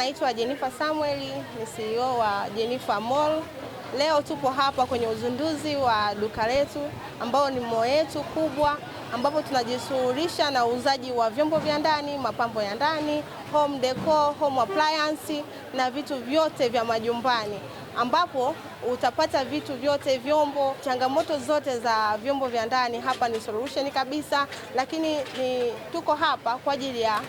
Naitwa Jennifer Samuel, ni CEO wa Jennifer Mall. Leo tupo hapa kwenye uzinduzi wa duka letu ambao ni mo yetu kubwa ambapo tunajishughulisha na uuzaji wa vyombo vya ndani, mapambo ya ndani, home decor, home appliance na vitu vyote vya majumbani ambapo utapata vitu vyote, vyombo, changamoto zote za vyombo vya ndani hapa ni solution kabisa, lakini ni tuko hapa kwa ajili ya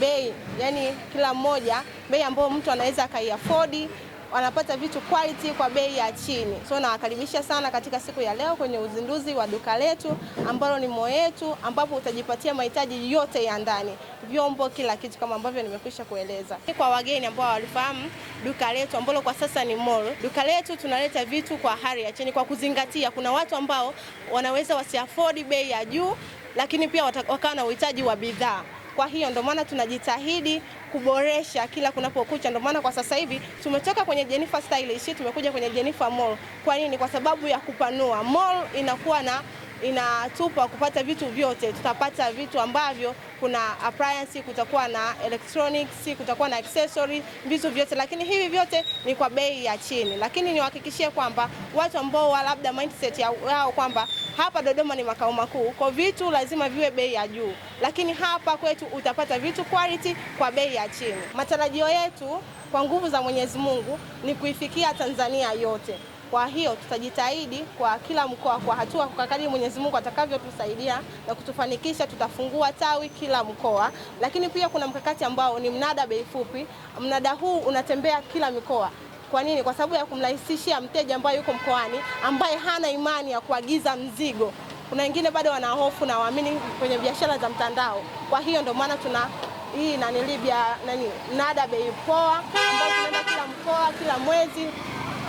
bei, yani kila mmoja bei ambayo mtu anaweza akaiafodi, wanapata vitu quality kwa bei ya chini. So nawakaribisha sana katika siku ya leo kwenye uzinduzi wa duka letu ambalo ni Mo Yetu, ambapo utajipatia mahitaji yote ya ndani, vyombo, kila kitu kama ambavyo nimekwisha kueleza. Kwa wageni ambao walifahamu duka letu ambalo kwa sasa ni mall. Duka letu tunaleta vitu kwa hali ya chini kwa kuzingatia kuna watu ambao wanaweza wasiafodi bei ya juu, lakini pia wakawa na uhitaji wa bidhaa kwa hiyo ndio maana tunajitahidi kuboresha kila kunapokucha. Ndio maana kwa sasa hivi tumetoka kwenye Jennifer Stylish tumekuja kwenye Jennifer Mall. Kwa nini? Kwa sababu ya kupanua. Mall inakuwa na inatupa kupata vitu vyote, tutapata vitu ambavyo kuna appliance, kutakuwa na electronics, kutakuwa na accessory, vitu vyote, lakini hivi vyote ni kwa bei ya chini. Lakini niwahakikishie kwamba watu ambao labda mindset yao kwamba hapa Dodoma ni makao makuu, kwa vitu lazima viwe bei ya juu, lakini hapa kwetu utapata vitu quality kwa bei ya chini. Matarajio yetu kwa nguvu za Mwenyezi Mungu ni kuifikia Tanzania yote. Kwa hiyo tutajitahidi kwa kila mkoa kwa hatua, kwa kadri Mwenyezi Mungu atakavyotusaidia na kutufanikisha, tutafungua tawi kila mkoa. Lakini pia kuna mkakati ambao ni mnada bei fupi. Mnada huu unatembea kila mikoa. Kwa nini? Kwa sababu ya kumrahisishia mteja ambaye yuko mkoani, ambaye hana imani ya kuagiza mzigo. Kuna wengine bado wana hofu na waamini kwenye biashara za mtandao. Kwa hiyo ndio maana tuna hii na Libya nani mnada bei poa, ambayo tunaenda kila mkoa kila mwezi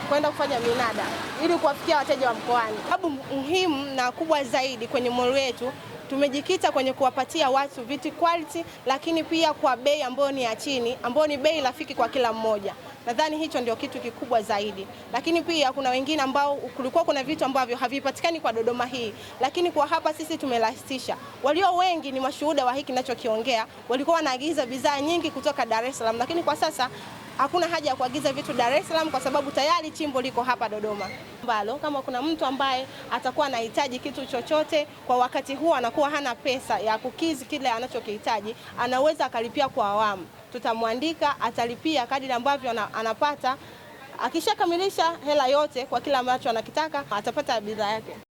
kwenda kufanya minada ili kuwafikia wateja wa mkoani. Sababu muhimu na kubwa zaidi kwenye mall yetu Tumejikita kwenye kuwapatia watu viti quality, lakini pia kwa bei ambayo ni ya chini, ambayo ni bei rafiki kwa kila mmoja. Nadhani hicho ndio kitu kikubwa zaidi, lakini pia kuna wengine ambao kulikuwa kuna vitu ambavyo havipatikani kwa Dodoma hii, lakini kwa hapa sisi tumerahisisha. Walio wengi ni mashuhuda wa hiki ninachokiongea, walikuwa wanaagiza bidhaa nyingi kutoka Dar es Salaam, lakini kwa sasa hakuna haja ya kuagiza vitu Dar es Salaam kwa sababu tayari chimbo liko hapa Dodoma. Mbalo kama kuna mtu ambaye atakuwa anahitaji kitu chochote kwa wakati huu, anakuwa hana pesa ya kukizi kile anachokihitaji, anaweza akalipia kwa awamu. Tutamwandika, atalipia kadiri ambavyo anapata. Akishakamilisha hela yote kwa kila ambacho anakitaka, atapata bidhaa yake.